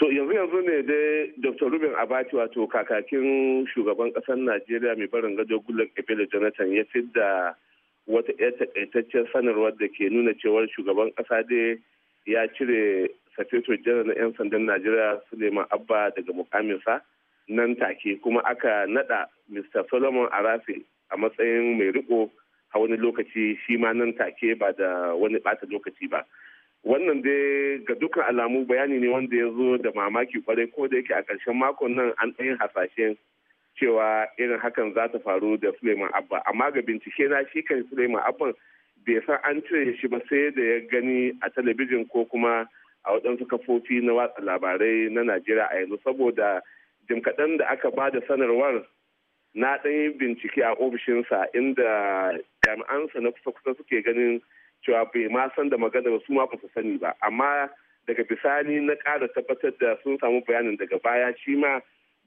To yanzu yanzu ne dai Dr. Ruben Abati wato kakakin shugaban ƙasar Najeriya mai barin gado Goodluck Ebele Jonathan ya fi da wata ƴar takaitaccen sanarwar da ke nuna cewar shugaban kasa dai ya cire Safeto Janar na 'yan sandan Najeriya Suleiman Abba daga mukaminsa nan take kuma aka naɗa Mr. Solomon Arafe a matsayin mai riko a wani lokaci shi ma nan take ba da wani bata lokaci ba. wannan dai ga dukkan alamu bayani ne wanda ya zo da mamaki kwarai ko da yake a ƙarshen makon nan an ɗayin hasashen cewa irin hakan za ta faru da suleiman abba amma ga bincike na shi kan suleiman abba bai san an cire shi ba sai da ya gani a talabijin ko kuma a waɗansu kafofi na watsa labarai na najeriya a yanzu saboda jim kaɗan da aka ba da sanarwar na ɗan bincike a ofishinsa inda jami'ansa na kusa-kusa suke ganin cewa bai ma san da magana ba su ma sani ba amma daga bisani na kara tabbatar da sun samu bayanin daga baya shi ma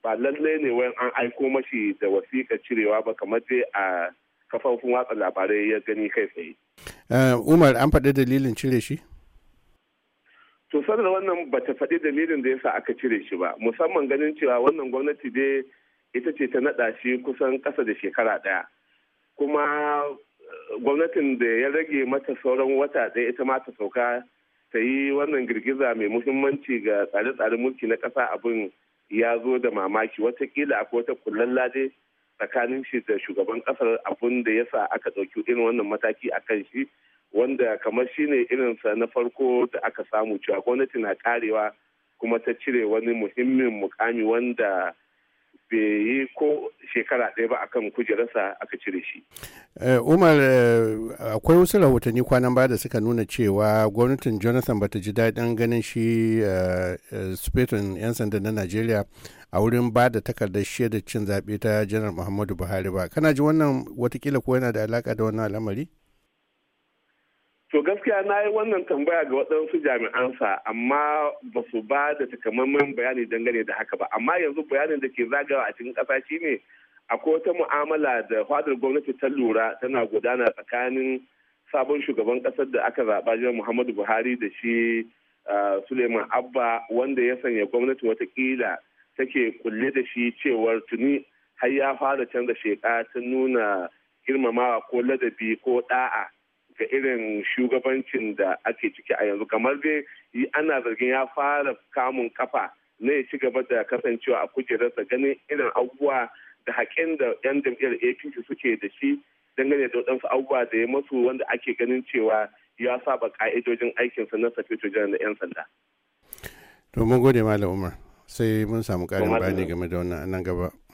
ba lallai ne wayan an aiko mashi da wasiƙa cirewa ba kamar dai a kafofin watsa labarai ya gani kai tsaye. Eh, Umar an faɗi dalilin cire shi? To sanar wannan ba ta faɗi dalilin da yasa aka cire shi ba musamman ganin cewa wannan gwamnati dai ita ce ta naɗa shi kusan ƙasa da shekara ɗaya. Kuma gwamnatin da ya rage mata sauran wata ɗaya ita ma ta sauka ta yi wannan girgiza mai muhimmanci ga tsare-tsaren mulki na ƙasa abin ya zo da mamaki watakila akwai wata kullen lade tsakanin shi da shugaban ƙasar abin da ya sa aka ɗauki irin wannan mataki a kan shi wanda kamar shi ne irinsa na farko da aka samu cewa gwamnati na karewa kuma ta cire wani muhimmin mukami wanda bai yi ko shekara ɗaya ba akan kujerarsa aka cire shi. Eh, Umar eh, akwai wasu rahotanni kwanan baya da suka nuna cewa gwamnatin Jonathan bata ji daɗin ganin shi eh, Sufetun 'yan sanda na Najeriya a wurin ba da takardar shaidar cin zaɓe ta Janar Muhammadu Buhari ba. Kana ji wannan watakila ko yana da alaƙa da wannan al'amari? To gaskiya na yi wannan tambaya ga waɗansu jami'ansa amma ba su ba da takamaiman bayani dangane da haka ba. Amma yanzu bayanin da ke zagawa a cikin ƙasa shi ne akwai wata mu'amala da fadar gwamnati ta lura tana gudana tsakanin sabon shugaban ƙasar da aka zaɓa jiran Muhammadu Buhari da shi Suleiman Abba wanda ya sanya gwamnati watakila take kulle da shi cewar tuni har ya fara canza sheka ta nuna girmamawa ko ladabi ko ɗa'a. da irin shugabancin da ake ciki a yanzu kamar dai ana zargin ya fara kamun kafa na ya ci gaba da kasancewa a kujerarsa ganin irin abubuwa da haƙin da 'yan jam'iyyar apc suke da shi dangane da waɗansu abubuwa da ya masu wanda ake ganin cewa ya saba ƙa'idojin aikinsa na safeto jiran da 'yan sanda. to mun gode malam umar sai mun samu ƙarin bayani game da wannan nan gaba.